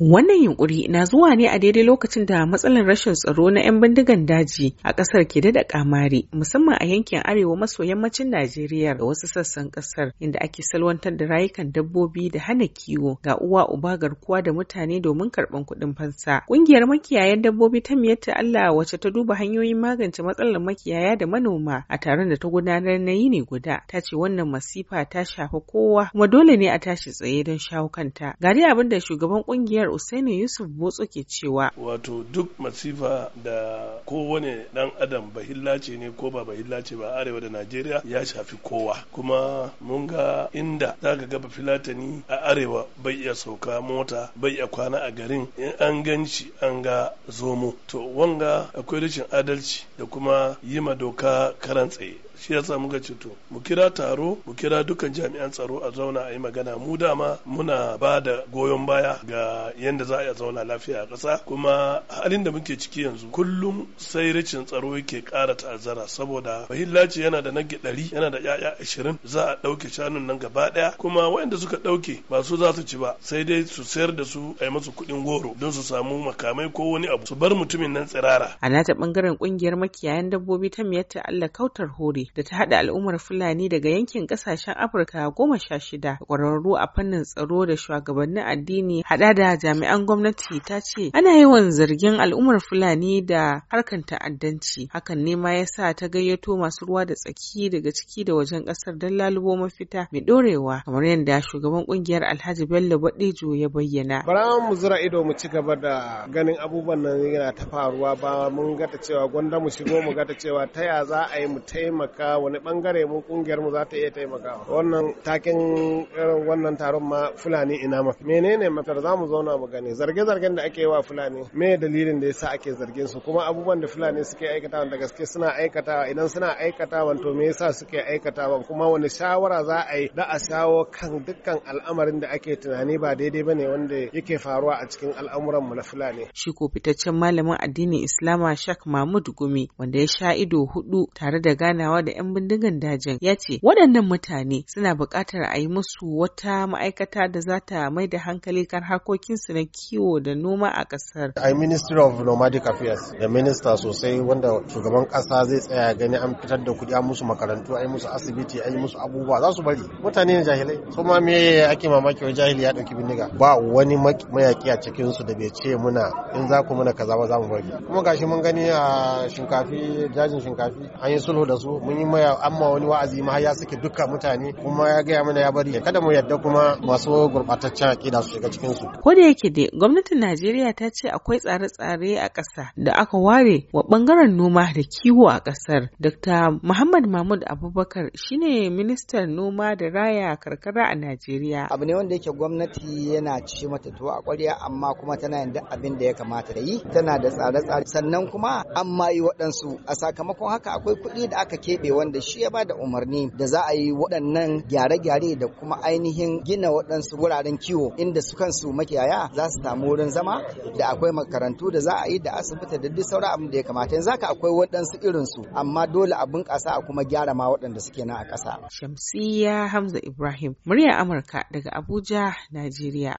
Wannan yunkuri na zuwa ne a daidai lokacin da matsalar rashin tsaro na 'yan bindigan daji a ƙasar ke da kamari musamman a yankin arewa maso yammacin Najeriya da wasu sassan ƙasar inda ake salwantar da rayukan dabbobi da hana kiwo ga uwa uba garkuwa da mutane domin karɓar kuɗin fansa. Ƙungiyar makiyayan dabbobi ta miyatta Allah wacce ta duba hanyoyin magance matsalar makiyaya da manoma a taron da ta gudanar na yini guda ta ce wannan masifa ta shafa kowa kuma dole ne a tashi tsaye don shawo kanta. Ga dai abin da shugaban ƙungiyar jami'ar Usaini Yusuf Botso ke cewa. Wato duk masifa da kowane dan adam bahilla ce ne ko ba bahilla ce ba arewa da Najeriya ya shafi kowa. Kuma mun ga inda za ka gaba filatani a arewa bai iya sauka mota bai iya kwana a garin in an ganci an ga zomo. To wanga akwai rashin adalci da kuma yi ma doka karan tsaye. shi ya samu ga ceto mu kira taro mu kira dukkan jami'an tsaro a zauna a yi magana mu dama muna ba da goyon baya ga yadda za a zauna lafiya a ƙasa kuma halin da muke ciki yanzu kullum sai ricin tsaro yake ƙara ta'azzara saboda bahillaci yana da nage ɗari yana da ya'ya ashirin za a ɗauke shanun nan gaba ɗaya kuma waɗanda suka ɗauke ba su za su ci ba sai dai su sayar da su a yi musu kuɗin goro don su samu makamai ko wani abu su bar mutumin nan tsirara. A nata ɓangaren ƙungiyar makiyayan dabbobi ta miyatta Allah kautar hore da ta haɗa al'ummar Fulani daga yankin ƙasashen Afirka goma sha shida ƙwararru a fannin tsaro da shugabannin addini haɗa da jami'an gwamnati ta ce ana yawan zargin al'ummar Fulani da harkar ta'addanci hakan ne ma yasa ta gayyato masu ruwa da tsaki daga ciki da wajen ƙasar don lalubo mafita mai ɗorewa kamar yadda shugaban ƙungiyar Alhaji Bello Baɗejo ya bayyana. Bara mu zura ido mu ci gaba da ganin abubuwan nan yana ta faruwa ba mun gata cewa gwanda mu shigo mu gata cewa ta ya za a yi mu taimaka taimaka wani bangare mu kungiyar mu za ta iya taimakawa wannan takin irin wannan taron ma fulani ina ma menene matar za mu zauna mu gani zarge-zargen da ake wa fulani me dalilin da yasa ake zargin su kuma abubuwan da fulani suke aikatawa da gaske suna aikatawa idan suna aikatawa to me yasa suke aikatawa kuma wani shawara za a yi da a shawo kan dukkan al'amarin da ake tunani ba daidai ba ne wanda yake faruwa a cikin al'amuran mu na fulani. Shi ko fitaccen malamin addinin Islama Shak Mahmud Gumi wanda ya sha ido hudu tare da ganawa da 'yan bindigan dajin ya ce waɗannan mutane suna buƙatar a yi musu wata ma'aikata da za ta mai da hankali kan harkokinsu na kiwo da noma a ƙasar. A Ministry of Nomadic Affairs da minista sosai wanda shugaban ƙasa zai tsaya gani an fitar da kuɗi an musu makarantu an yi musu asibiti an yi musu abubuwa za su bari mutane ne jahilai ma me ake mamaki wa jahili ya ɗauki bindiga ba wani mayaki a cikin su da bai ce muna in za ku muna kaza ba za mu bari kuma gashi mun gani a shinkafi jajin shinkafi an yi sulhu da su mun mun yi amma wani wa'azi ma ya suke dukkan mutane kuma ya gaya mana ya bari kada mu yadda kuma masu gurbataccen aƙida su shiga cikin su ko da yake dai gwamnatin Najeriya ta ce akwai tsare-tsare a ƙasa da aka ware wa bangaren noma da kiwo a ƙasar Dr. Muhammad Mahmud Abubakar shine ministan noma da raya karkara a Najeriya abu ne wanda yake gwamnati yana ci mata tuwo a ƙwarya amma kuma tana yin duk abin da ya kamata da yi tana da tsare-tsare sannan kuma amma yi waɗansu a sakamakon haka akwai kuɗi da aka ke. karfe wanda shi ya bada umarni da za a yi waɗannan gyare-gyare da kuma ainihin gina waɗansu wuraren kiwo inda su kansu makiyaya za su samu wurin zama da akwai makarantu da za a yi da asibiti da duk sauran abin da ya kamata yanzu haka akwai waɗansu irin su amma dole a bunƙasa a kuma gyara ma waɗanda suke nan a ƙasa. Shamsiyya Hamza Ibrahim, murya Amurka daga Abuja, Najeriya.